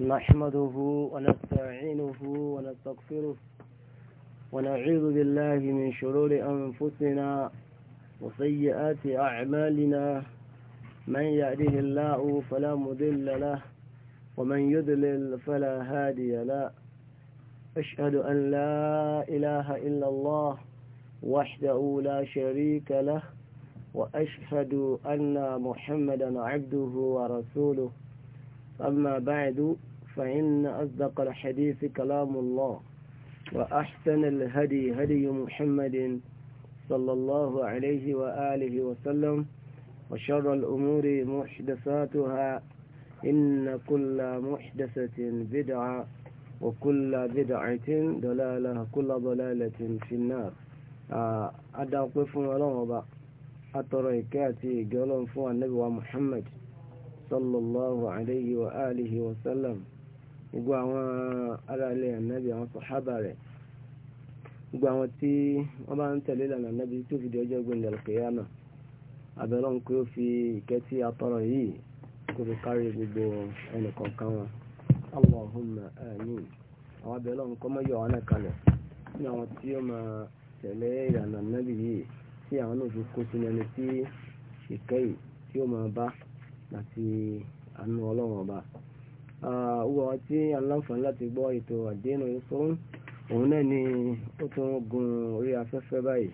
نحمده ونستعينه ونستغفره ونعوذ بالله من شرور أنفسنا وسيئات أعمالنا من يأده الله فلا مضل له ومن يضلل فلا هادي له أشهد أن لا إله إلا الله وحده لا شريك له وأشهد أن محمدا عبده ورسوله أما بعد فإن أصدق الحديث كلام الله وأحسن الهدي هدي محمد صلى الله عليه وآله وسلم وشر الأمور محدثاتها إن كل محدثة بدعة وكل بدعة دلالة كل ضلالة في النار آه، أدعو قفوا لهم أترى كاتي قولهم فوى النبي محمد sallallahu alayhi wa alihi wa sallam gbogbo àwọn aráalé ànábì àwọn sàhábà rẹ̀ gbogbo àwọn tí wọ́n bá ń tẹ̀lé ìlànà ànábì tó fi di ọjọ́ gbẹ̀ndẹ̀ al-qiyama abẹ́rẹ́ kí ó fi a yìí kó fi kárí gbogbo ẹnìkọ̀ọ̀kan wọn Allahumma àmín àwọn abẹ́rẹ́ òun kọ́ mọ́ yọ kalẹ̀ ní àwọn tí ó máa tẹ̀lé ìlànà ànábì yìí tí àwọn náà fi kó sínú ẹni tí àti àánú ọlọ́run ọba. Wọ́n tí a láǹfààní láti gbọ́ ètò àdéhùn ìṣòro òun náà ni ó tún gun orí afẹ́fẹ́ báyìí.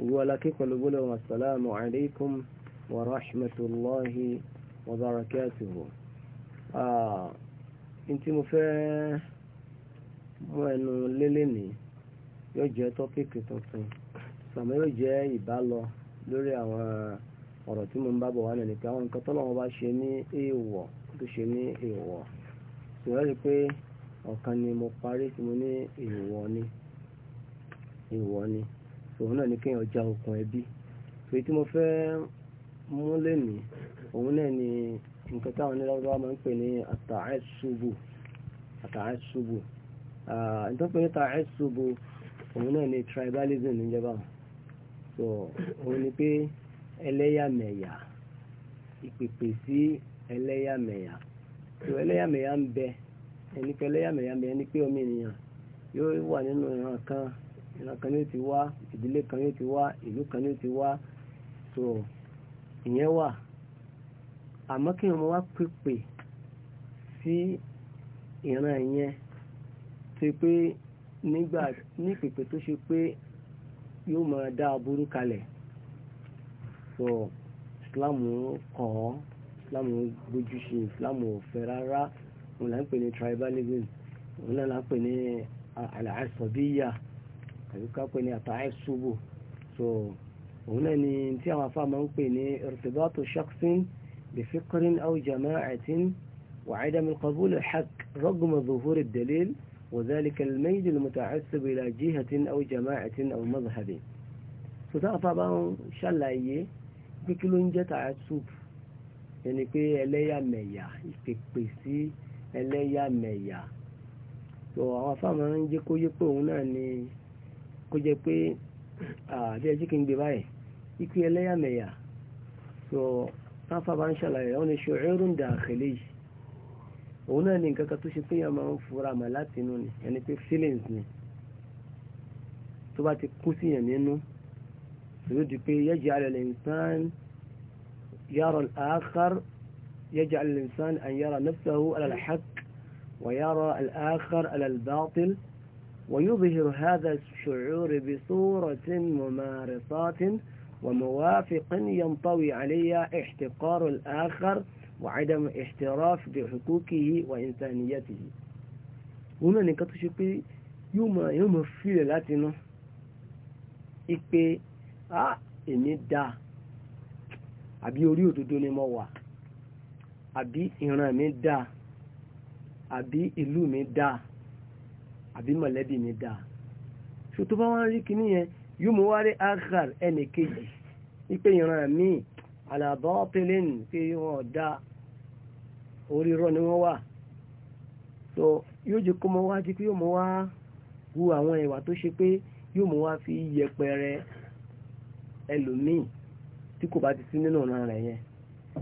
Owó aláké pẹ̀lú gbólóhùn assalamu alaikum wa rahmatullahi wa barakatuhu. N tí mo fẹ́ mú ẹnu lélẹ̀ ní yóò jẹ́ tọ́pìkì tuntun. Sàmọ́ jẹ́ ìbálọ lórí àwọn ọ̀rọ̀ tí mo ń bá bọ̀ wá nìyẹn pé àwọn nǹkan tọ́lọ́wọ́ bá ṣe ní èèwọ̀ tó ṣe ní èèwọ̀ ṣùgbọ́n rí pé ọ̀kan ni mo parí tí mo ní èèwọ̀ ni èèwọ̀ ni òun náà ni kéèyàn já okùn ẹbí èyí tí mo fẹ́ mú lénìí òun náà ni nǹkan táwọn onílọ́wọ́ máa ń pè ní àtàẹ́sùbù àtàẹ́sùbù nítorí pé ní àtàẹ́sùbù òun náà ni tribalism níjọba so òun ni ẹlẹ́yàmẹ̀yà ìpèpè si ẹlẹ́yàmẹ̀yà tó ẹlẹ́yàmẹ̀yà ń bẹ ẹni pé ẹlẹ́yàmẹ̀yà ń bẹ ẹni pé omi ènìyàn yóò wà nínú ìran kan ìran kan yóò ti wá ìdílé kan ti wá ìlú kan ti wá so ìyẹn wà àmọ́ kí wọ́n wá pèpè sí ìran ìyẹn tó pé nígbà ní pèpè tó ṣe pé so islam kọ̀ ọ́ islam gbójú ṣe islam ò fẹ́ rárá òun là ń pè ní tribalism òun là ń pè ní àlàásọ̀bíyà àbí ká pè ní àtàásùbù so òun náà ni tí àwọn afá máa ń pè ní irtibatu shakhsin bifikrin aw jama'atin وعدم القبول الحق رغم ظهور الدليل وذلك الميل المتعصب إلى جهة أو جماعة أو مذهب فتعطى بهم شلعيه pé kí ló ń jẹ́ tààsùp ẹni pé ẹlẹ́yàmẹ̀yà ìpèpè sí ẹlẹ́yàmẹ̀yà tó àwọn afáàmọ́ ń jẹ́ kó yé pé òun náà ni kó jẹ́ pé àbí ẹjí kí n gbé báyìí ikú ẹlẹ́yàmẹ̀yà tó táfà bá ń ṣàlàyé àwọn oníṣòro ẹrù ń dà àkèlè yìí òun náà ni nǹkan kan tó ṣe pé yàn máa ń fura mà látinú ni ẹni pé feelings ni tó bá ti kú sí yàn nínú يريد يجعل الإنسان يرى الآخر يجعل الإنسان أن يرى نفسه على الحق ويرى الآخر على الباطل ويظهر هذا الشعور بصورة ممارسات وموافق ينطوي عليها احتقار الآخر وعدم احتراف بحقوقه وإنسانيته هنا نكتشف يوم يوم في لاتنه Ah, èmi dá àbí orí òdodo ni mo wà àbí ìran mi dá àbí ìlú mi dá àbí mọ̀lẹ́bí mi dá ṣò tó bá wá ń rí kinní yẹn yóò mú wárí agar ẹnì kejì wípé ìran mi àlàbọ̀ pélé nì pé wọ́n dá orí rọ ni wọ́n wà so yóò jẹ́ kó mọ wá di pé yóò mọ wá hu àwọn ìwà tó ṣe pé yóò mọ wá fi yẹpẹrẹ ẹlòmíì tí kò bá ti sí nínú ọ̀nà rẹ̀ yẹn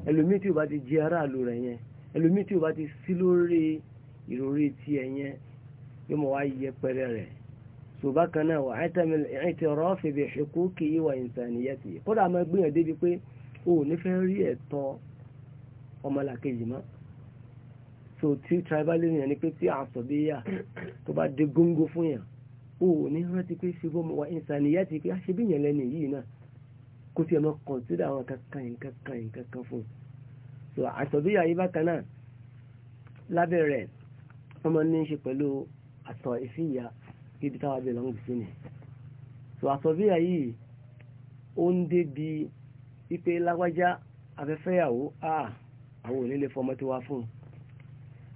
ẹlòmíì tí kò bá ti jẹ aráàlú rẹ̀ yẹn ẹlòmíì tí kò bá ti sí lórí ìròrí tí ẹ yẹn yóò mọ̀ wá yẹpẹrẹ rẹ̀ ṣùgbọ́n kan náà wà i'tiraf bi huquqihi wa insaniyatihi kódà máa gbìyànjú débi pé o ò ní fẹ́ rí ẹ̀tọ́ ọmọlàkejì mọ́ so tí tribalism yẹn ni pé tí àsọ̀bíyà tó bá dé góńgó fún yàn o ò ní rántí pé ṣe bọ́ wa insaniyatihi pé a lẹ́nu yìí náà kó tí ẹ mọ́ kọ̀ǹsídà àwọn kankan kankan kankan fún un so àtọ̀bíyà yìí bákan náà lábẹ́ rẹ̀ wọ́n máa ń ní í ṣe pẹ̀lú àtọ̀ ìfìyà ibi táwa bẹ̀rẹ̀ lọ́wọ́ bìsí ni so àtọ̀bíyà yìí ó ń débi ipe lágbájá afẹ́fẹ́yàwó àwọn òní lè fọmọ tí wá fún un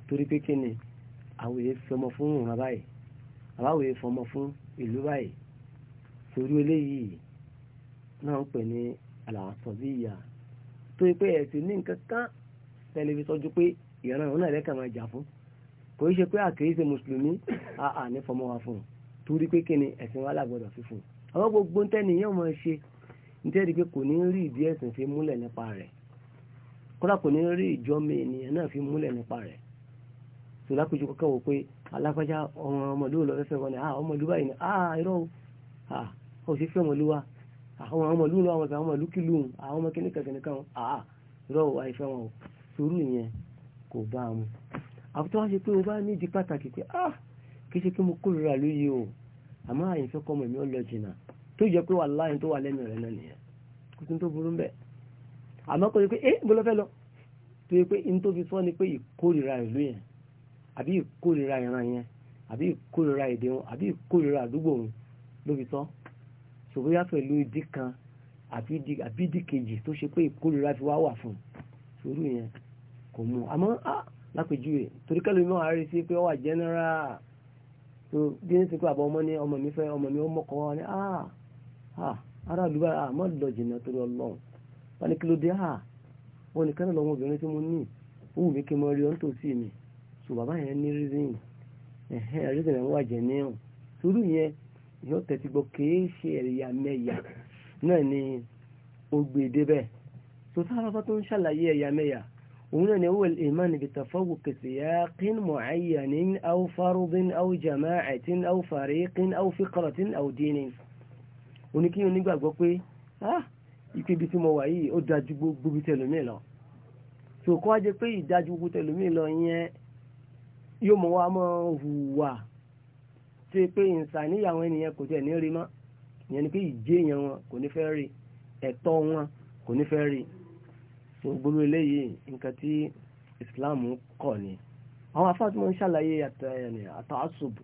torí pé kí ni àwọn èyí fọmọ fún ìrànlá báyìí àbáwòye fọmọ fún ìlú báyìí torí eléyìí náà ń pè ní àlàsọ̀bíyà tó yẹ pé ẹ̀sìn ní nǹkan kan tẹlifíṣọ́ ju pé ìran òun náà lẹ́kàn máa jà fún kò í ṣe pé àkèyí ṣe mùsùlùmí àà ní fọmọ wa fún un torí pé kí ni ẹ̀sìn wa lágbọ́dọ̀ fi fún un àwọn gbogbo ń tẹ́ni yóò máa ṣe nítorí pé kò ní rí ìdí ẹ̀sìn fi múlẹ̀ nípa rẹ̀ kódà kò ní rí ìjọ́mi ènìyàn náà fi múlẹ̀ nípa rẹ̀ tó lápèjú kọ́kọ́ wò pé alágbájá ọmọdé ò lọ fẹ́fẹ́ wọn ni ah, ọmọdé báyìí ni ah, irọ́ o ò ah, sí fẹ́ ọmọlúwa àwọn ọmọ ìlú náà àwọn ọmọ ìlú kìlú àwọn ọmọ kíní kankan nìkan àá rọ àìfẹ́ wọn sùúrù yẹn kò bá a àbútọ́ wá ṣe pé o bá nídìí pàtàkì pé ah kì ṣe pé mo kórìíra lóye o àmọ́ àyìnfẹ́ kọ́ ọmọ mi ò lọ jìnnà tó jẹ́ pé wà láyìn tó wà lẹ́nu rẹ̀ náà nìyẹn kò tó burú àmọ́ kò yẹ pé eh, n tó fi sọ ni pé ṣòbóyá pẹ̀lú ìdí kan àbí ìdí kejì tó ṣe pé ìkórìíra fi wá wà fún sórí yẹn kò mú àmọ́ lápèjúwe torí kẹ́lò mi máa rí sí pé ó wà general tó bí ní ti pé àbọ̀ ọmọ ní ọmọ mi fẹ́ ọmọ mi ó mọ́kọ́ wá ní ara àdúgbò àmọ́ lọ jìnnà torí ọlọ́run wọ́n ní kí ló dé wọ́n ní kẹ́lò ọmọbìnrin tí mo ní ó wù mí kí mo rí ọ́n tó sí mi so bàbá yẹn ní reason ẹ̀hẹ́ reason ẹ̀ ń wà jẹ̀ níhùn yẹn yóò tẹ́tí gbọ́ kìí ṣe ẹ̀yà mẹ́yà náà ni ó gbé e débẹ̀ tó sára bá tó ń ṣàlàyé ẹ̀yà mẹ́yà òun náà ni ó wẹ̀lẹ̀ ìmá níbi tàfọ́wù kìtì yá kín mọ̀ ayé ní áwù fárúbín áwù jàmá àìtín áwù fàrí kín áwù fíkọ̀rọ̀tín áwù dínì oníkíyàn onígbàgbọ́ pé ah, ipe ibi tí mo wà yìí ó dájú gbogbo ibi tẹlómi lọ so kọ́ jẹ pé ìdájú gbogbo tẹlómi lọ yẹn yóò mọ̀ wá mọ́ hùwà tí pé ìsàníyà àwọn ènìyàn kò tiẹ̀ ní rí mọ́ ìyẹn ni pé ìjé èèyàn wọn kò ní fẹ́ rí ẹ̀tọ́ wọn kò ní fẹ́ rí gbogbo eléyìí nǹkan tí Islam kọ̀ ni àwọn afáàtí wọn ń ṣàlàyé àtàásùb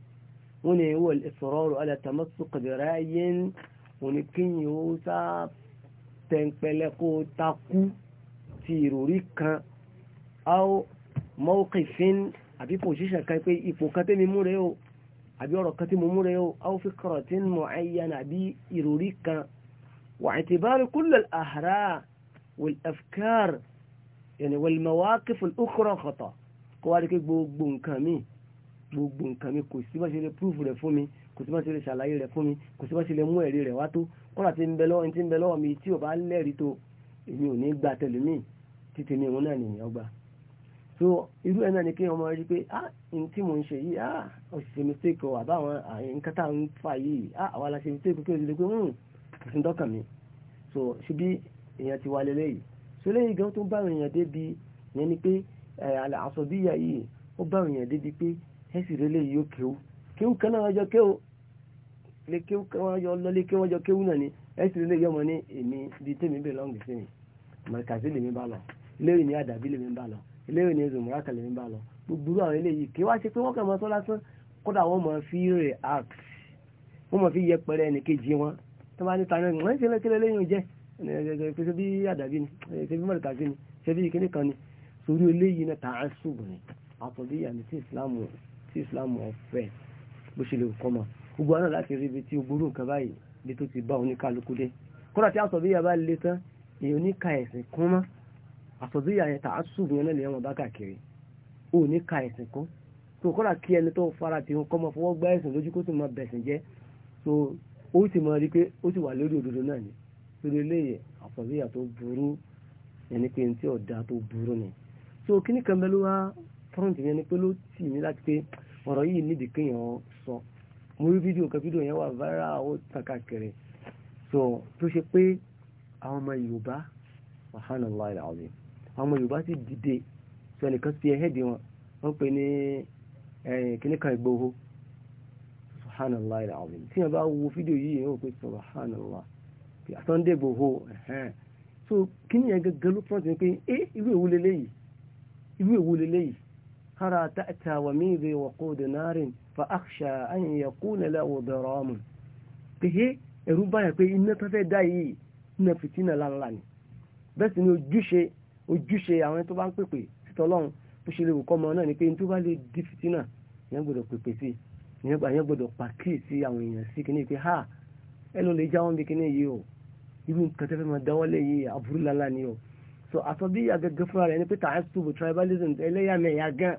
wọn ni wọ́n ìsọ̀rọ̀rù alẹ́tàmọ́sù kẹ̀dẹ̀rẹ́ ayé wọn ni kíyìn ó sá tẹ̀ǹpẹ̀lẹ̀ kó takú ti ìròrí kan áó mọ́ọ́kìfín àbí pòṣíṣàn kan pé ipò kan tẹ́mi mú rèé o àbí ọ̀rọ̀ kan tí mo múre o aw fikratin mu'ayyana àbí ìròrí kan wa i'tibar kull al-ahra wal afkar yani wal mawaqif al-ukhra khata kó wá rí pé gbogbo nǹkan mi gbogbo nǹkan mi kò sí bá ṣe lè púrúfù rẹ̀ fún mi kò sí bá ṣe lè ṣàlàyé rẹ̀ fún mi kò sí bá ṣe lè mú ẹ̀rí rẹ̀ wá tó kọ́lá tí ń bẹ lọ́wọ́ mi tí ò bá lẹ́rìí tó èmi ò ní gbà tẹ̀lé mi títí mi òun náà nìyẹn ọgbà so irú ẹ̀ náà ni kí ọmọ rí pé ah n tí mò ń ṣe yìí ah òṣìṣẹ́ mistake o àbáwọn nǹkan tá à ń fà yìí ah àwa la ṣe mistake kí o sì lè pé hmm kò sí dọ́kàn mi so ṣíbí èèyàn ti wá lélẹ́yìí so lẹ́yìn gan tó bá èèyàn débi yẹn ni pé àsọdíyà yìí ó bá èèyàn débi pé ẹ sì rélé yìí ó kéwú kéwú kan náà ọjọ́ kéwú lè kéwú kan wọ́n yọ lọ́lé kéwú ọjọ́ kéwú náà ni ẹ sì rélé yọmọ ní èmi bíi tèmi bèè lọ́ngì sí mi eléyìí ni zumura kẹlẹ ń bá lọ gbogbo àwọn eléyìí kí wá ṣe pé wọn kàn máa sọ lásán kódà wọn máa fi react wọn máa fi yẹpẹrẹ ẹnìkejì wọn tó bá ní ta náà wọn ń ṣe lẹkẹlẹ lẹ́yìn jẹ ṣe bí àdàbí ni ṣe bí mọlẹkàṣe ni ṣe bí kíní kan ni torí eléyìí náà tà á ṣùgbọ́n àtọ̀díyà ní tí ìsìlámù tí ìsìlámù ọ̀fẹ́ bó ṣe lè kọ́ mọ́ gbogbo àná láti rí ibi tí ogoro nǹkan báyìí bí tó ti bá oníkálukú dé kódà tí àtọ̀díyà bá le tán èèyàn oníkà ẹ̀sìn kún mọ́ àsọ̀díyà yẹn tà á ṣùgbọ́n yẹn lẹ́yìn ọmọ bá káàkiri ò ní ka ẹ̀sìn kún tó kọ́ra kí ẹni tó fara ti kọ́ mọ́ fọwọ́ gbá ẹ̀sìn lójú kó sì máa bẹ̀sìn jẹ́ tó ó sì máa rí pé ó sì wà lórí òdodo náà ni torí eléyè àsọ̀díyà tó burú ẹni pé ntí ọ̀dà tó burú ni tó kíní kan bẹ́ẹ̀ ló wá fọ́ǹtì yẹn ni pé ló tì mí láti pé ọ̀rọ̀ yìí níbi kéèyàn sọ mo rí fídíò kan fídíò yẹn wà viral ó tàn káàkiri so tó ṣe pé àwọn ọmọ Yorùbá wàhánà láìláàbí àwọn Yorùbá sì dìde sọ ẹnìkan sí ẹhẹ́dì wọn wọ́n pè ní kíníkan Ìgbòho subhanallah alazim tí wọ́n bá wo fídíò yìí yẹn wọ́n pè subhanallah Sunday Ìgbòho so kíní yẹn gẹ́gẹ́ ló pọ́n ti pé é irú èwo leléyìí irú èwo leléyìí hara ta'ta wa mīzi wa qūdu nārin fa akhshā an yakūna pèhé ẹ̀rú báyà pé iná tó dá yìí iná fìtínà láńlá ni bẹ́ẹ̀ sì ni ojúṣe ojúṣe àwọn tó bá ń pèpè títọ́ ọlọ́run bó ṣe lè wò kọ́mọ náà ni pé tó bá lè di fìtínà ìyẹn gbọ́dọ̀ pèpè sí ìyẹn gbọ́dọ̀ pàkíyèsí àwọn èèyàn sí kíní pé ha ẹ ló lè já wọn bí kíní yìí o ibi nǹkan tẹ́fẹ́ máa dáwọ́lé yìí àbúrú lálá ni o so àsọdí àgẹgẹ fúnra rẹ̀ ni pé tààtúbù tribalism ẹlẹ́yàmẹ̀yà gan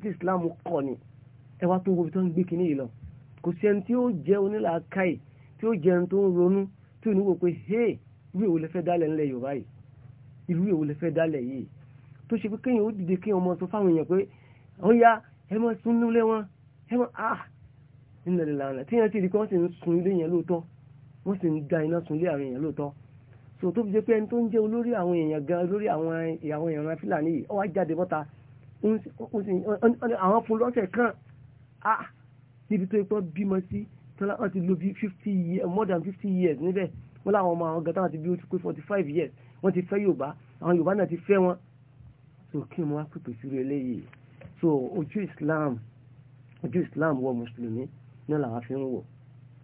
tí Islam kọ̀ ni ẹ wá tó wo ibi tó ń gbé kíní yìí lọ kò sí ẹni tí ó jẹ́ onílàákàyè tí ó irú èwo lè fẹ́ dálẹ̀ yìí tó ṣe pé kéèyàn ó dìde kéèyàn ọmọ sọ fáwọn èèyàn pé ó yá ẹ mọ sún nílé wọn ẹ mọ ah nílẹ̀ lè lànà tí yẹn ti di pé wọ́n sì ń sun ilé yẹn lóòótọ́ wọ́n sì ń da iná sun ilé àwọn èèyàn lóòótọ́ so tó fi jẹ́ pé ẹni tó ń jẹ́ olórí àwọn èèyàn gan olórí àwọn ìyàwó èèyàn fúlàní yìí ó wá jáde bọ́ta àwọn fún lọ́sẹ̀ kan ah níbi tó ipọ́ bímọ sí tọ́lá wọn ti lò bí fifty years more than fifty years níbẹ̀ wọ́n láwọn ọmọ àwọn gan táwọn ti bí ó ti pé forty five years wọ́n ti fẹ́ yorùbá àwọn yorùbá náà ti fẹ́ wọn so kí ni wọ́n á pèpè eléyìí so ojú islam ojú islam wọ mùsùlùmí náà làwọn fi ń wọ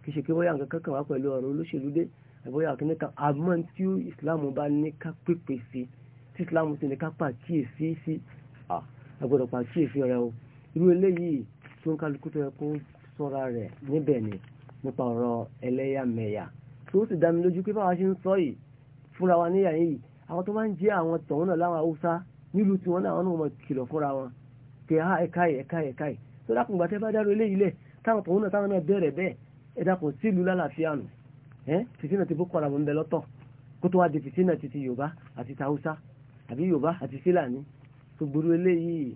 kì í ṣe pé bóyá nǹkan kankan wá pẹ̀lú ọ̀rọ̀ olóṣèlú dé àbóyá akíní kan àmọ́ tí islam bá ní ká pèpè sí tí islam sì ní ká pàkíyèsí sí àgbọ̀dọ̀ pàkíyèsí rẹ o irú eléyìí tó ń kálukú tó yẹ kó sọ́ra rẹ̀ níbẹ̀ ni nípa ọ̀rọ̀ ẹlẹ́yàmẹ̀yà tó sì dá mi lójú pé báwa ṣe ń sọ yìí fúnra wa níyà yìí àwọn tó máa ń jẹ́ àwọn tọ̀hún náà láwọn haúsá nílùú tí wọ́n náà wọ́n mọ̀ kìlọ̀ fúnra wọn pé ha ẹ̀ka yìí ẹ̀ka yìí ẹ̀ka yìí tó dákun gbàtẹ́ bá dáró eléyìí lẹ̀ táwọn tọ̀hún náà táwọn náà bẹ̀rẹ̀ bẹ́ẹ̀ ẹ dákun sílùú lálàáfíà nù ẹ́ fìtínà ti Boko Haram ń lọ́tọ̀ kó tó wá di fìtínà ti ti Yorùbá àti tàwùsá àbí Yorùbá àti Fúlàní tó gbòòrò eléyìí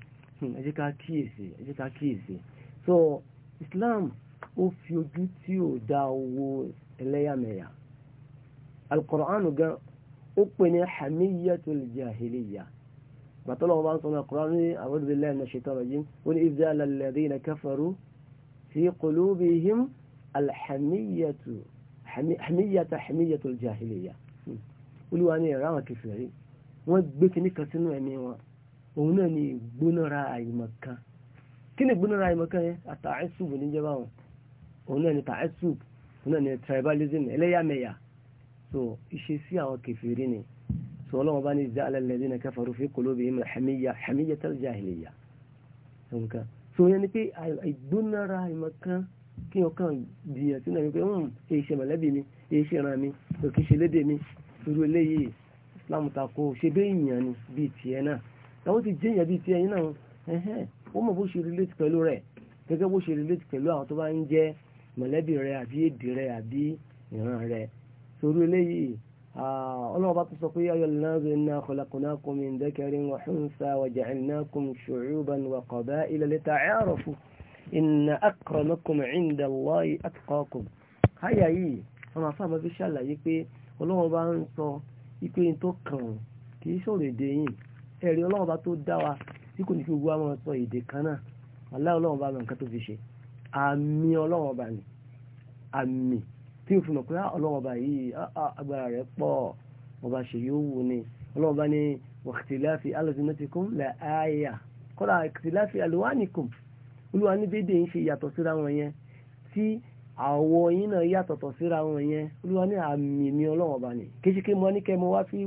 ẹ ká kíyèsí ẹ ká kíyèsí so Islam ó fi ojú tí ò da owó ẹlẹ́yàmẹ̀yà Al-Qur'an gan ó pè ní hamiyatul jahiliya bàtọ́ lọ́wọ́ bá ń sọ̀rọ̀ àkùrọ̀ ní àwọn ìdílé ẹ̀nà ṣètò ọ̀rọ̀ yìí ó ní ìdí alàlẹ́dẹ́ ilẹ̀ kafaru fi qulubihim alhamiyatu hamiyata hamiyatul jahiliya hmm. olúwa ní ẹ̀rọ àwọn kẹfẹ́rí wọ́n gbé kíní kan sínú ẹ̀mí wọn òun náà ní gbónára àìmọ̀kan kí ni gbónára àìmọ̀kan yẹn àtàẹ́sùb níjẹba wọn òun náà ní tàẹ́sùb òun náà ní tribalism ẹlẹ́yàmẹ̀yà so ìṣesí àwọn kẹfìrí ni so ọlọ́wọ́n bá ní za'ala alladhina kafaru fi qulubihim al-hamiyya hamiyyatal jahiliyya nǹkan so yẹn ni pé ìgbónára ìmọ̀kan kí ọkàn dìyàn sínú ẹ̀mí pé ń hmm, èṣe mọ̀lẹ́bí mi èṣe ìran mi òkè ṣe léde mi irú eléyìí Islam takò ṣe bẹ́ẹ̀ èèyàn ni bíi tiẹ̀ náà àwọn ti jẹ́ èèyàn bíi tiẹ̀ yín náà ẹ̀hẹ́n ó mọ̀ bó ṣe sórí eléyìí ọlọ́wọ́ bá tó sọ pé ayọ̀ lẹ́nàbí iná khalaqnakum min dhakarin wa hunsa wa ja'alnakum shu'uban wa qaba'ila lita'arafu inna akramakum 'inda Allahi atqakum káyà yìí àwọn afáàmọ́ fi ṣàlàyé pé ọlọ́wọ́ bá ń sọ ipe tó kàn kì í sọ̀rọ̀ èdè yìí ẹ̀rí ọlọ́wọ́ tó dá wa tí kò ní kí gbogbo àwọn sọ èdè kan náà tí o fi mọ̀ pé ah, ọlọ́wọ́ bá yìí ah, ah, agbára rẹ̀ pọ̀ ọba ṣe yóò wù ni ọlọ́wọ́ bá ní wàhìtìláfi alọ́dúnmẹ́tìkún là áyà kọ́lá wàhìtìláfi alùwánìkùn olúwa ní dédé ń ṣe yàtọ̀ síra wọn yẹn tí àwọ̀ yín náà yàtọ̀tọ̀ síra wọn yẹn olúwa ní àmì mi ọlọ́wọ́ bá ní kéṣíké mọ́ ní kẹ́mọ́ wá fi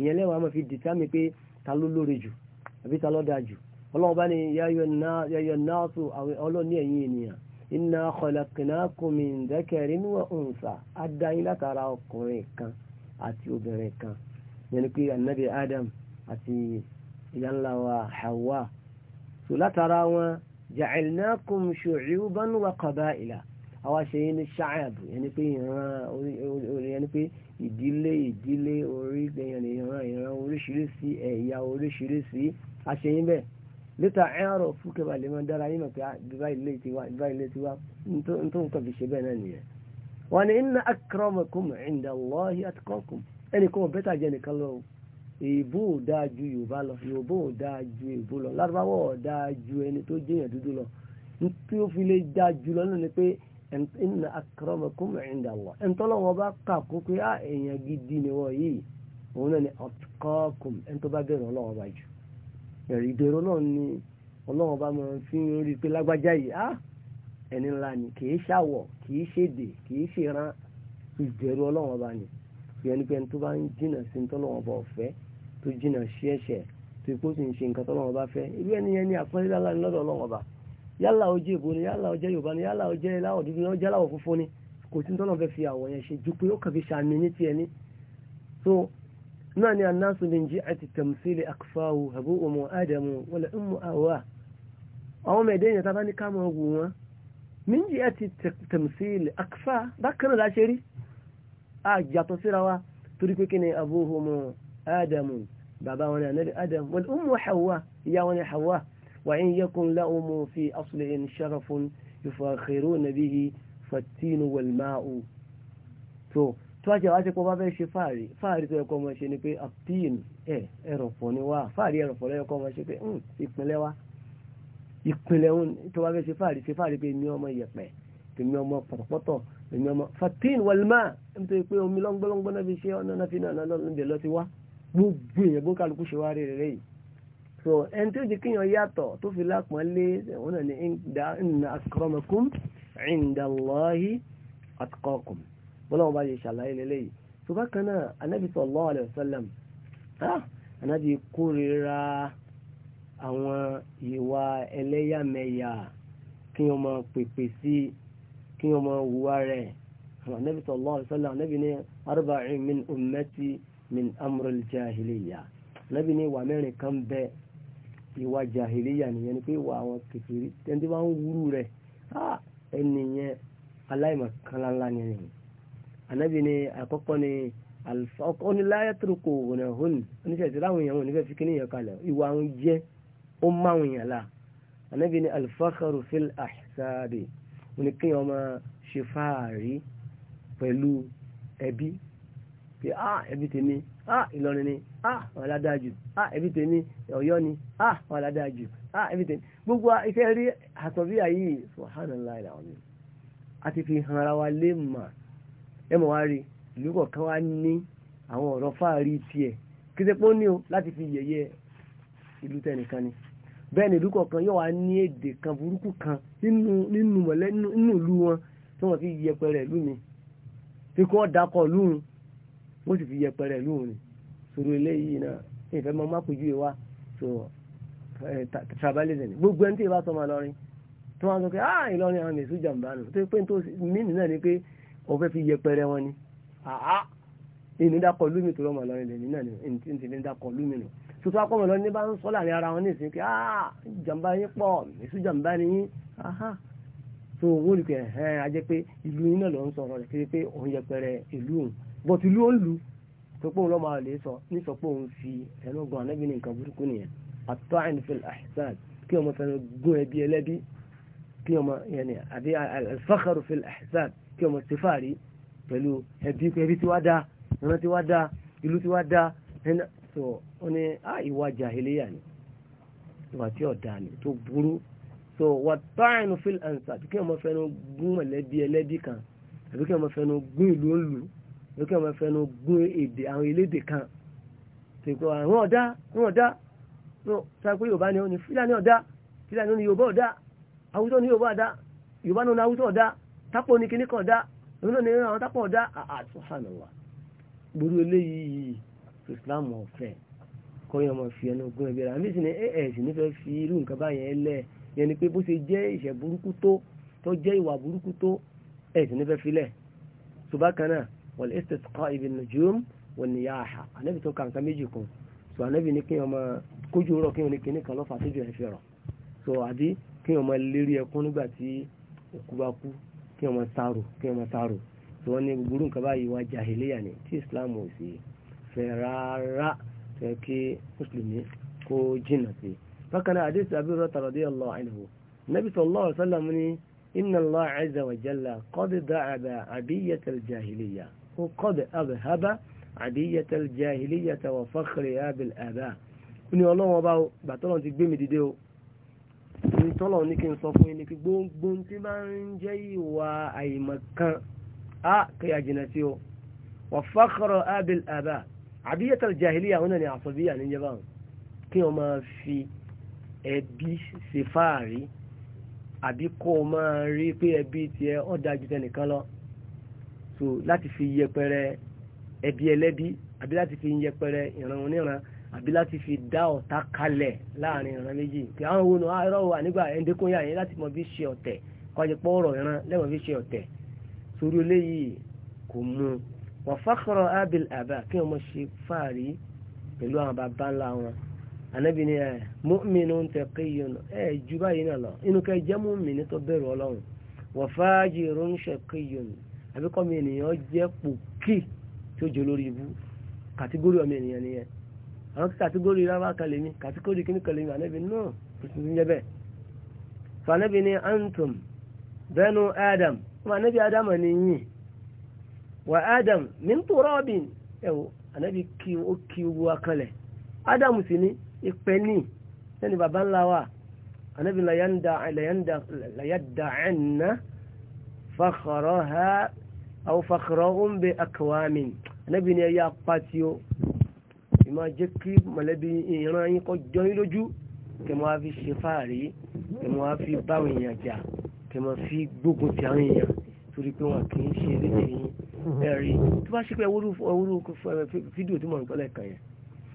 ìyẹn lẹ́wọ̀n àmọ́ fi dìtámì pé ta ló inna khalaqnakum min dhakarin wa unsa adáyín látara ọkùnrin kan àti obìnrin kan yẹni pé anabi adam àti ìyá ńlá wa hawa so látara wọn ja'alnakum shu'uban wa qaba'ila àwa ṣe yín ní ṣáàbù yẹni pé ìran yẹni pé ìdílé ìdílé orí ìran ìran oríṣiríṣi ẹ̀yà oríṣiríṣi a bẹ́ẹ̀ lẹ́tà ẹ̀rọ fúkẹ́ bá lè máa dára yín mọ̀ pé bíbá ilé ti wá bíbá ilé ti wá nítorí nǹkan fi ṣe bẹ́ẹ̀ náà nìyẹn. wọ́n ní inna akramakum inda Allahi atqakum ẹnì kan bẹ́tà jẹ́ nìkan lọ ìbò ò dáa ju yorùbá lọ yorùbá ò dáa ju ìbò lọ lárúbáwọ̀ ò dáa ju ẹni tó jẹ́yàn dúdú lọ tí ó fi lè dáa ju lọ náà ni pé inna akramakum inda Allah ẹ̀ńtọ́lọ́wọ́ bá bá bẹ̀rẹ̀ ọlọ́wọ́ bá jù ẹ̀rí ìdèrò náà ni ọlọ́run bá máa fi ń rí i pé lágbájá yìí á ah, ẹni ńlá ni kì í ṣàwọ̀ kì í ṣèdè kì í ṣèrán ìdèrò ọlọ́run ọba ni ìyẹn ni pé ẹni tó bá ń jìnà sí tọ́lọ́run ọba ọ̀fẹ́ tó jìnà sí ẹ̀ṣẹ̀ tó ikú sì ń ṣe nǹkan tọ́lọ́run ọba fẹ́ irú ẹni yẹn ni àpọ́nlé lálá ni lọ́dọ̀ ọlọ́run ọba yálà ó jẹ́ ìbò ni yálà ó jẹ́ yorùbá ni yálà ó jẹ́ láwọ̀ dúdú ni ó jẹ́ láwọ̀ funfun ni kò sí tọ́lọ́run fẹ́ fi àwọ̀ yẹn ṣe ju pé ó kàn fi ṣàmì ní tiẹ̀ ni so náà ni anáṣù min ji'ati tamthili akfahu àbú ọmọ ádámù wala ummu àwà àwọn ọmọ ẹ̀dẹ́ yẹn tá bá ní ká máa wù wọn min ji'ati tamthili akfa bákan náà láṣẹ rí àjàtọ̀ síra wa torí pé kí ni abúhùmù ádámù bàbá wọn ni ànábì ádámù wala ummu Hawwa ìyá wọn ni Hawwa wa in yakun lahumu fi aslihin sharafun yufakhiruna bihi fattinu wal ma'u tó wájẹ wá sí pé wọ́n fẹ́ ṣe fáàrí fáàrí tó yẹ kó ọmọ ṣe ni pé aptin ẹ ẹrọ̀pọ̀ ni wá fáàrí ẹrọ̀pọ̀ ló yẹ kó ọmọ ṣe pé hmm, ìpínlẹ̀ wa ìpínlẹ̀ tó wá fẹ́ ṣe fáàrí ṣe fáàrí pé mi ọmọ yẹ̀pẹ̀ èmi ọmọ pọ̀tọ̀pọ̀tọ̀ èmi ọmọ fatin walima ẹni tó pé omi lọ́ngbọ́lọ́ngbọ́ náà fi ṣe ọ̀nà náà fi náà lọ́nà lọ́nà lọ́ti wá gbogbo èèyàn bó kálukú ṣe wá rere yìí so ẹni tó jẹ́ kíyàn yàtọ̀ tó fi lápọ̀nlé wọn náà ní inna akramakum indallahi atqakum bọ́lọ́wọ́ bá yẹ ṣàlàyé lélẹ́yìí tó bá kan náà anábì sallallahu alaihi wasallam anábì ah, kórìíra àwọn ìwà ẹlẹ́yàmẹ̀yà kí wọ́n máa pèpè sí kí wọ́n máa wùwá rẹ̀ anábì sallallahu alaihi wasallam anábì ní arba'in min ummati min amril jahiliya anábì ní ìwà mẹ́rin kan bẹ ìwà jahiliya nìyẹn ni pé ìwà àwọn kékeré ẹni tí ń wúrú rẹ̀ ah, ẹni yẹn aláìmọ̀kànlá ńlá nìyẹn anabi ni àkọ́kọ́ ni ó ní láyé turuku òwòrán ọ̀hún oníṣẹ́sí láwọn èèyàn wọn nífẹ̀ẹ́ fi kíní yẹn kalẹ̀ ìwà àwọn jẹ́ ó máwọn èèyàn la anabi ni alifakaru fil ahsabi ó ní kíyàn ọmọ ṣe fáàrí pẹ̀lú ẹbí pé á ah, ẹbí tèmi á ah, ìlọrin ni á ah, wọn aládájú á ẹbí tèmi ọ̀yọ́ ni á wọn aládájú á ẹbí tèmi gbogbo iṣẹ́ rí àtọ̀bí àyè subhanallah ìlànà àti fi hàn wa lé màá ẹ mọ̀ wá rí ìlú kọ̀ọ̀kan wá ní àwọn ọ̀rọ̀ fáàrí tiẹ̀ kí ṣe pé ní o láti fi yẹ̀yẹ́ ìlú tẹnìkan ni bẹ́ẹ̀ ni ìlú kọ̀ọ̀kan yóò wá ní èdè kan burúkú kan nínú nínú mọ̀lẹ́ nínú ìlú wọn tí wọ́n fi yẹpẹrẹ ìlú mi fi kọ́ dakọ̀ lóhun wọ́n sì fi yẹpẹrẹ lóhun ni sọ̀rọ̀ eléyìí náà ìfẹ́ mọ́ má kojú ìwà so tribalism gbogbo ẹni tí ìbá sọmọ lọrin tí wọ́n sọ pé ah Ìlọrin àwọn èso jàǹbá nù tó pé ní tó mí ni pé ó fẹ́ fi yẹpẹrẹ wọn ni àá ìní dákọ̀ lómi tó lọ́mọ lọ́rin lèmi náà ní ti ní dákọ̀ lómi nù tuntun akọ́mọ lọ ní bá ń sọ́ láàrin ara wọn ní ìsìnkí áá jàǹbá yín pọ̀ èso jàǹbá ni yín áhá so owó olùkọ́ ẹ̀hẹ́n ajẹ́ pé ìlú yín náà lọ ń sọ̀rọ̀ rẹ̀ kiri pé òun yẹpẹrẹ ìlú òun bọ̀t ìlú ó ń lu tó pé òun lọ́mọ àlè sọ ní sọ pé òun fi ẹnu gan anábì ní nǹkan burúkú nìyẹn àtọ́ kí ọmọ ṣe fàárí pẹ̀lú ẹbí ẹbí tí wá dá ìran tí wá dá ìlú tí wá dá ẹ̀nà tó ó ní á ìwà jàhílíyà ni ìwà tí ọ̀dà ni tó burú so wà táànù fíl ànsà kí ọmọ fẹnu gún ẹlẹ́bí ẹlẹ́bí kan àbí kí ọmọ fẹnu gún ìlú òǹlù àbí kí ọmọ fẹnu gún èdè àwọn elédè kan tèkọ àwọn ọ̀dá àwọn ọ̀dá sọ pé yorùbá ni ó ní fílàní ọ̀dá fílàní yorùbá ọ̀dá àwùjọ ní yorùbá ọ̀dá yorùbá ní ó ní àwùjọ ọ̀dá tápò ní kíní kan dá òun náà ní àwọn tápò dá ah, ah, subhanallah gbòòrò eléyìí islam ọ̀fẹ́ kọ́yìn ọmọ fi ẹnu ogun ẹgbẹ́ rẹ̀ àmì ìsìn ní as eh, eh, nífẹ̀ẹ́ fi irú nǹkan báyẹn lẹ̀ yẹn ni pé bó ṣe jẹ́ ìṣẹ̀ burúkú tó tó jẹ́ ìwà burúkú tó as eh, nífẹ̀ẹ́ filẹ̀ ṣùgbọ́n kan náà wal istisqa bin tó ka kan so ànábì ní kíyàn ọmọ kójú rọ kíyàn so àbí kíyàn ọmọ lérí ẹkún nígbà tí òkú bá kú kí ọmọ taro kí ọmọ taro tí wọ́n ní gbogbo nǹkan báyìí wá jahiliya ni tí islam ò sí fẹ́ rárá fẹ́ kí mùsùlùmí kó jìnà sí. bákan náà hadith Abi Hurairah radiyallahu anhu nabi sallallahu alaihi wasallam ní inna Allah azza wa jalla qad da'aba adiyatal jahiliya ó qad abhaba adiyatal jahiliya wa fakhriha bil aba. ó ní ọlọ́wọ́n bá gbàtọ́lọ́ ti gbé mi dìde o ní tọ́lọ̀ ní kí n sọ fún yín ni kí gbogbo tí bá ń jẹ́ ìwà àìmọ̀kan á kí jìnà sí o wà fákọrọ abil àbá àbíyẹ̀tàl jahiliya àwọn ni àsọ̀bíyà ní jẹba kí wọ́n máa fi ẹbí ṣe fáàrí àbí kó o máa rí pé ẹbí tiẹ̀ ọ́ dájú tẹnìkan lọ so láti fi yẹpẹrẹ ẹbí ẹlẹ́bí àbí láti fi yẹpẹrẹ ìran oníran àbí láti fi dá ọ̀tá kalẹ̀ láàrin ìran méjì kí àwọn owó náà irọ́ wà nígbà ẹ̀ńdẹ́kúnyà yẹn láti mọ bí ṣe ọ̀tẹ̀ kọjá pọ̀ ọ̀rọ̀ ìran lẹ́wọ̀n fi ṣe ọ̀tẹ̀ sórí eléyìí kò mú un wọ́n fákọ̀rọ̀ abil àbá kí wọ́n mọ̀ ṣe fáàrí pẹ̀lú àwọn bàbá ńlá wọn ànábì ni ẹ̀ mọ́mìnì ń tẹ̀ kéèyàn ẹ̀ ju báyìí náà lọ inú kẹ́ jẹ́ mọ́mìnì tó bẹ̀rù ọlọ́run kàtígórì ọmọ ènìyàn nìyẹn àwọn kàtígórì rárá kan lè ní kàtígórì kíní kan lè ní ànábì náà kò sì ń jẹ bẹ́ẹ̀. fànábì ni antum bẹ́nu adam wọn ànábì adam ni yìn wà adam min turabin ẹ̀wọ̀ ànábì kí ó kí owó akalẹ̀ adam sì ní ìpẹ́ ní sẹ́ni bàbá ńlá wa ànábì layada'anna fakhraha aw fakhra bi akwamin ànábì ni ẹ̀yà pàtí o ìmọ̀ jẹ́ kí mọ̀lẹ́bí ìran yín kọ́ jọ yín lójú kẹmọ́ á fi ṣe fáàrí kẹmọ́ á fi báwọn èèyàn jà kẹmọ́ fi gbógun ti àwọn èèyàn torí pé wọn kì í ṣe léde yín ẹ̀rí tó bá ṣe pé ẹwúrú fídíò tí mò ń tọ́lẹ̀ kàn yẹn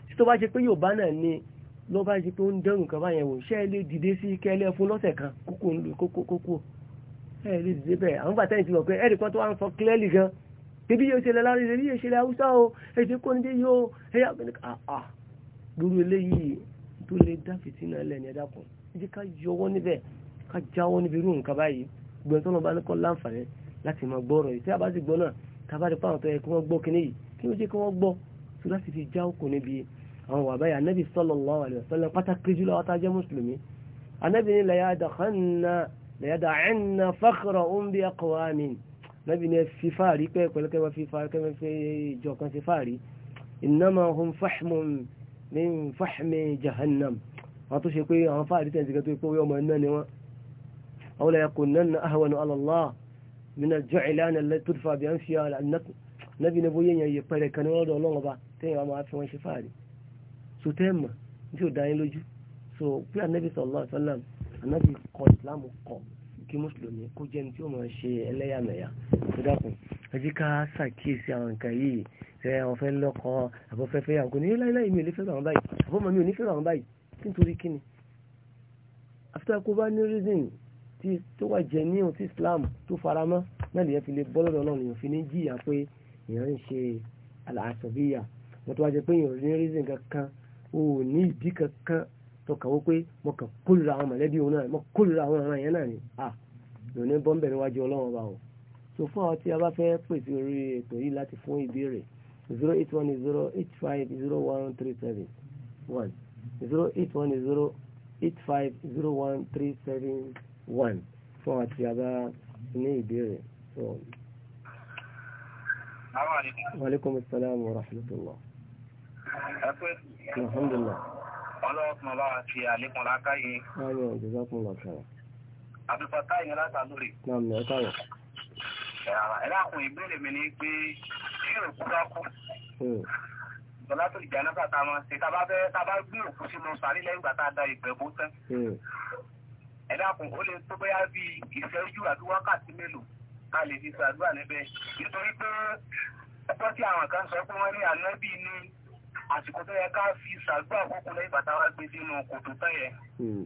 tí tó bá ṣe pé Yorùbá náà ni ló bá ṣe pé ó ń dẹ́rùn kan báyẹn wò ṣẹ́ lè dìde sí kẹ́lẹ́ fún lọ́sẹ̀ kan kókó ẹ̀ lè dìde bẹ́ẹ̀ àwọn bàtà bíbí yóò ṣẹlẹ̀ lárí rẹ̀ yóò ṣẹlẹ̀ haúsá o ẹ̀ṣẹ́ kò ní jẹ́ yóò ẹ̀yà àà gbogbo eléyìí tó lè dá fìtínà lẹ̀ ní ẹ̀dá kan jẹ́ ká yọwọ́ níbẹ̀ ká jáwọ́ níbi irú nǹkan báyìí gbọ́n tó lọ́ba nìkan láǹfààní láti máa gbọ́ ọ̀rọ̀ yìí tí a bá ti gbọ́ náà tá a bá ti pa àwọn tó yẹ kí wọ́n gbọ́ kíní yìí kí ló jẹ́ kí wọ́n gbọ́ tó nàbí ni ẹ fi fáàrí pẹ́ pẹ̀lú kẹ́ fi fáàrí kẹ́ fi ìjọ kan ṣe fáàrí innama hum fahmun min fahmi jahannam wọn tó ṣe pé àwọn fáàrí tẹ̀ ń sìkẹ́ tó pé wọ́n ọmọ iná ni wọ́n. aw la yakunanna ahwanu ala Allah min al-ju'lana allati tudfa bi anfiha al-naqm nàbí ni bóyá èèyàn yẹpẹrẹ kan ní wọ́n lọ́dọ̀ ọlọ́run ọba tẹ́yìn wa kí mùsùlùmí kó jẹ́ ní tí ó máa ṣe ẹlẹ́yàmẹ̀yà tó dákun ẹ jẹ́ ká ṣàkíyèsí àwọn nǹkan yìí ẹ ọ̀fẹ́ lọ́kọ àbọ̀fẹ́fẹ́ àwọn kò ní láíláí mi ò ní àwọn báyìí àbọ̀mọ̀ mi ò ní àwọn báyìí nítorí kíni after kó bá ní reason tí tó wà jẹ ní ohun tí Islam tó fara mọ́ náà lèyàn fi lè bọ́ lọ́dọ̀ náà lèyàn fi ní jìyà pé èèyàn ń ṣe àṣọ̀bíyà wọ́n tó wá jẹ pé èèyàn ní reason kankan ò ní ìdí kankan tó kàwó pé mo kàn kórìíra àwọn mọ̀lẹ́bí òun náà mo kórìíra àwọn ọ̀ràn yẹn náà ni ah lóní bọ́m̀bẹ̀ níwájú ọlọ́run ọba o so fún àwọn tí a bá fẹ́ pèsè orí ètò yìí láti fún ìbéèrè zero eight one zero eight five zero one three seven one zero eight one zero eight five zero one three seven one fún àwọn tí a bá ní ìbéèrè so. Wa wa rahmatullah. Ẹ pé. Alhamdulillah. Ọlọ́run tí mo àlékún lákàyè. Ayọ̀ ìjọba kún lọ́kàrà àbífọ́tá ìyẹn látàlórí. ẹ̀rákùn ìbéèrè mi ni pé kí òkú bá kú bọ́lá hmm. tó ìjà náà tá a máa ṣe tá a bá gbé òkú sínú sàrí lẹ́yìn ìgbà tá a da ìgbẹ́ bó tán. Hmm. ẹ̀rákùn ó lè tó bóyá bí ìṣẹ́jú àbí wákàtí mélòó ká lè fi ṣàdúrà níbẹ̀ nítorí pé ẹgbẹ́ tí àwọn kan sọ pé wọ́n ní ànábì ní àsìkò tó yẹ ká fi ṣàdúrà kókó lẹ́yìn ìgbà tá a wá gbé sínú kòtò tán yẹn. Hmm.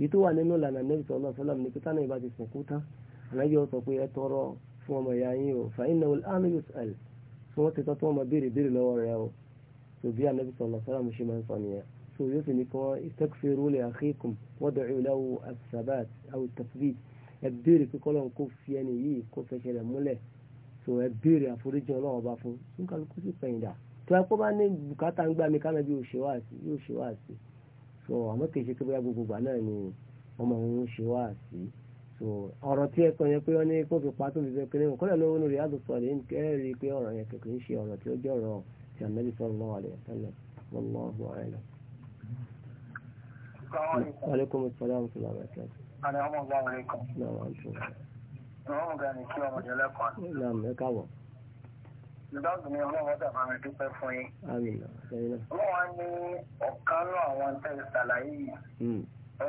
èyí tó wà nínú ìlànà Ànábì sallallahu alaihi wasallam ní pé tánà ìbá ti sìnkú tán ànábì ó sọ pé ẹ tọrọ fún ọmọ ìyá yín o fa inna al-aama yus'al tí wọ́n ti tọ́ tí wọ́n mọ béèrè béèrè lọ́wọ́ rẹ o tó bí Ànábì sallallahu alaihi wasallam ṣe máa ń sọ nìyẹn tó yóò sì ní kí wọ́n istaghfiru li akhikum wad'u lahu as-sabat aw at-tathbit ẹ béèrè pé kọ́lọ́n kó fi ẹni yìí kó fẹsẹ̀ rẹ̀ múlẹ̀ so àmọ́ kì í ṣe pé bóyá gbogbo ìgbà náà ni wọ́n máa ṣe wá sí so ọ̀rọ̀ tí ẹ̀kọ́ yẹn pé wọ́n ní kó fi pa tó fi fẹ́ kéré nǹkan náà lówó lórí àdùsọ rẹ̀ ń kẹ́rì pé ọ̀rọ̀ yẹn kìí ṣe ọ̀rọ̀ tí ó jẹ́ ọ̀rọ̀ tí ànábì sallallahu alaihi wasallam wallahu a'lam. aleykum salaam wa rahmatulah. aleykum salaam wa rahmatulah. ọmọ ọgá ni kí ọmọdé lẹ́kọ̀ọ́ lọ́dún ni ọlọ́run ọ̀dà bá mi dúpẹ́ fún yín. wọ́n wá ní ọ̀kan náà àwọn tẹ́ ṣàlàyé hmm. o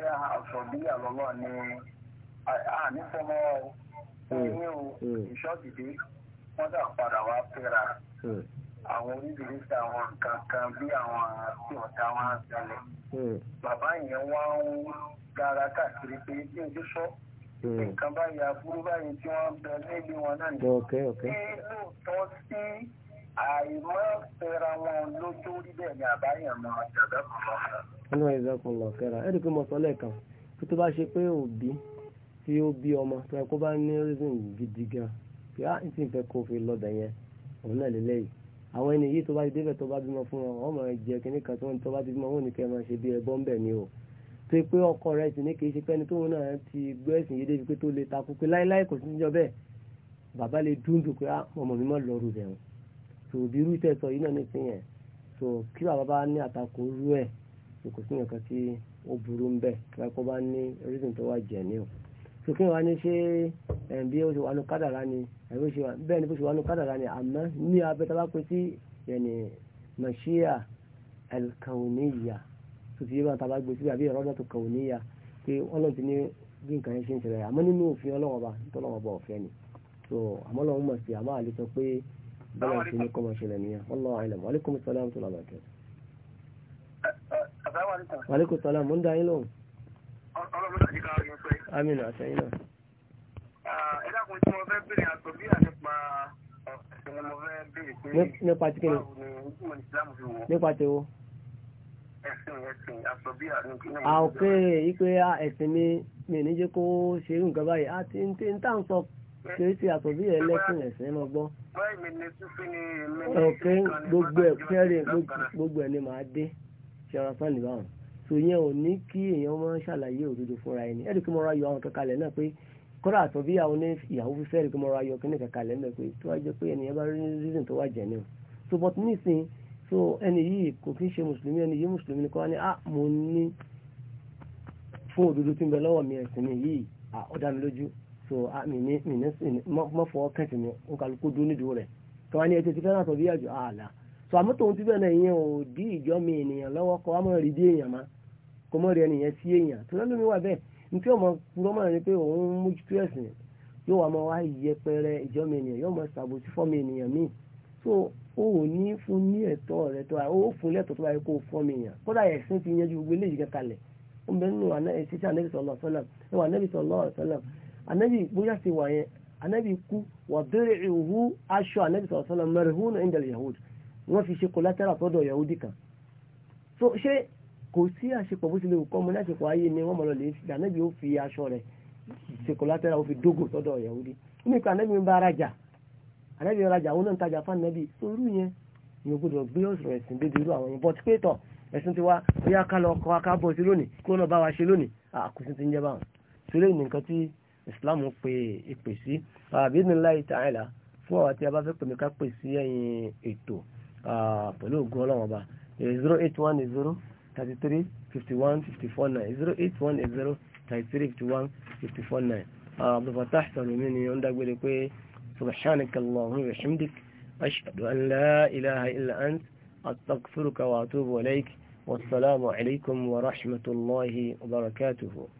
hmm. hmm. ìṣọ́dìdé wọ́n dà padà wá fẹ́ra àwọn oríṣiríṣi àwọn nǹkan kan bí àwọn àti ọ̀tá wọn ṣẹlẹ̀ bàbá yẹn wá ń gara káàkiri pé bí ojú sọ́ọ́. Hmm. nǹkan báyìí aburú báyìí tí wọ́n bẹ níbi wọn náà ní. ọ̀kẹ́ ọ̀kẹ́. ṣé lóòótọ́ sí àìmọ́ wọn lójú rí bẹ́ẹ̀ ni àbáyàn mọ ìjàgbẹ́kùnlọ. inú ìjàgbẹ́kùnlọ kẹra ẹ̀rí pé mo sọ lẹ́ẹ̀kan kí tó bá ṣe pé òbí tí ó bí ọmọ tó yẹ kó bá ní reason gidi gan pé á ah, ti fẹ́ kó fi lọ́dọ̀ yẹn òun náà lélẹ̀ yìí àwọn ẹni yìí tó bá débẹ̀ tó bá bímọ fún wọn ọmọ ẹ̀jẹ̀ kìnnìkan tó bá ti bímọ wọn ò ní kẹ́ máa ṣe bí ẹbọ ń bẹ̀ ni o tó pé ọkọ rẹ̀ sì ní kì í ṣe pẹ́ni tóun náà ti gbọ́ ẹ̀sìn yìí débi pé tó le takú pé láíláí kò sí níjọ bẹ́ẹ̀ bàbá lè dúndùn pé ah, ọmọ mi mọ̀ lọ́rù rẹ̀ o tó bí irú ìtẹ̀sọ yìí náà nìsín yẹn tó kí bàbá bá ní àtakò rú ẹ̀ kò sí nǹkan tí ó burú ń bẹ̀ kí wọ́n bá ní reason tó wà jẹ̀ ní o tó kí wọ́n ní ṣe bí ó ṣe wà ní kádàrá ni bẹ́ẹ̀ ni bó ṣe wà ní kádàrá ni àmọ́ ní abẹ́tàbá sí yẹn ni mashia alkauniya sòtì yìí bá tàbá gbé síbi àbí ìrọ́dọ̀ tó kàwé níyà pé ọlọ́run ti ní bí nǹkan yẹn ṣe ń ṣẹlẹ̀ àmọ́ nínú òfin ọlọ́run ọba tọ́lọ́run ọba ọ̀fẹ́ ni so àmọ́ lọ́run mọ̀ sí àmọ́ àlè sọ pé bọ́lá ti ní kọ́mọ ṣẹlẹ̀ nìyẹn wallahu a'lam aleykum salaam tó lọ́wọ́ kẹ́. aleykum salaam mo ń da yín lóhùn. ọlọ́run ti ká ọyún pé. amina àtẹ̀yìn náà. ẹ dákun tí Ah, àòkè ipe ah, ẹ̀sìn mi mi ní jẹ́ kó ṣe irú nǹkan báyìí àti ah, tí n tá n sọ kì í ṣe àsọ̀bí ẹlẹ́sìn ẹ̀sìn mọ́ gbọ́. ọ̀kẹ́ gbogbo ẹ̀ kẹ́rin gbogbo ẹ̀ ni màá dé ṣe ara sàn níbàwọ̀n tó yẹn ò ní kí èèyàn máa ṣàlàyé òdodo fúnra ẹni ẹ̀rí kí mo ra yọ àwọn kankan lẹ̀ náà pé kọ́ra àsọ̀bí àwọn ní ìyàwó fífẹ́ ẹ̀rí kí mo ra yọ kíní kankan lẹ̀ náà pé tó wá jẹ́ pé ẹnìyẹn bá rí reason tó wá jẹ́ ni o. so but so ẹni yìí kò kí ń ṣe mùsùlùmí ẹni yìí mùsùlùmí nìkan ni ah mo ní fún òdodo tí ń bẹ lọ́wọ́ mi ẹ̀sìn mi yìí ah ó so a mi ní mi ní mọ́ fọwọ́ kẹ́sì mi ó kálukú dún nídùú rẹ̀ kí wọ́n ní ẹtì ti fẹ́ràn àtọ̀bí àjò àlà so àmọ́ tòun ti bẹ̀rẹ̀ yẹn ò dí ìjọ mi ènìyàn lọ́wọ́ kọ́ àmọ́ rí bí èèyàn má kó mọ́ rí ẹnìyẹn sí èèyàn tó lọ́nà mi wà bẹ́ẹ̀ ní tí ọmọ kúrọ́ mọ́ ni pé òun mójútó ẹ̀sìn yóò wá mọ́ wá yẹpẹrẹ ìjọ mi ènìyàn yóò mọ́ ṣàbòsí fọ́ mi ènìyàn míì so o ò ní fún ní ẹ̀tọ́ rẹ̀ tó ó fún lẹ́tọ̀ tó bá yẹ kó fún mi yàn kódà ẹ̀sìn ti yanjú gbogbo eléyìí kẹkalẹ̀ ó ń bẹ nínú ẹ̀sìn ànábì sallallahu alaihi wasallam ẹwà ànábì sallallahu alaihi wasallam ànábì bóyá ti wà yẹn ànábì kú wà bẹ̀rẹ̀ ìhú aṣọ fi ṣe tọ́dọ̀ kan so ṣé kò sí àṣepọ̀ bó tilẹ̀ ànábì rajà òun náà ń tajà fún ànábì irú yẹn ni o gbọ́dọ̀ gbé ọ̀sọ̀rọ̀ ẹ̀sìn débi irú àwọn yẹn bọ́ ti pé tọ̀ ẹ̀sìn tiwa bóyá ká lọ kọ́ aká bọ̀ sí lónìí kí wọ́n bá wa ṣe lónìí àkùsí ti ń jẹ́ báwọn sílé nìkan tí Islam pe ìpè sí àbídínláì tààlà fún àwọn tí a bá fẹ́ pèmí ká pè sí ẹ̀yìn ètò pẹ̀lú ògùn ọlọ́wọ́n ọba zero eight one zero thirty three fifty one fifty four nine zero eight one zero thirty three fifty one fifty four nine Abdulfatah Salumi ni ó ń dágbére pé سبحانك اللهم وبحمدك أشهد أن لا إله إلا أنت أستغفرك وأتوب إليك والسلام عليكم ورحمة الله وبركاته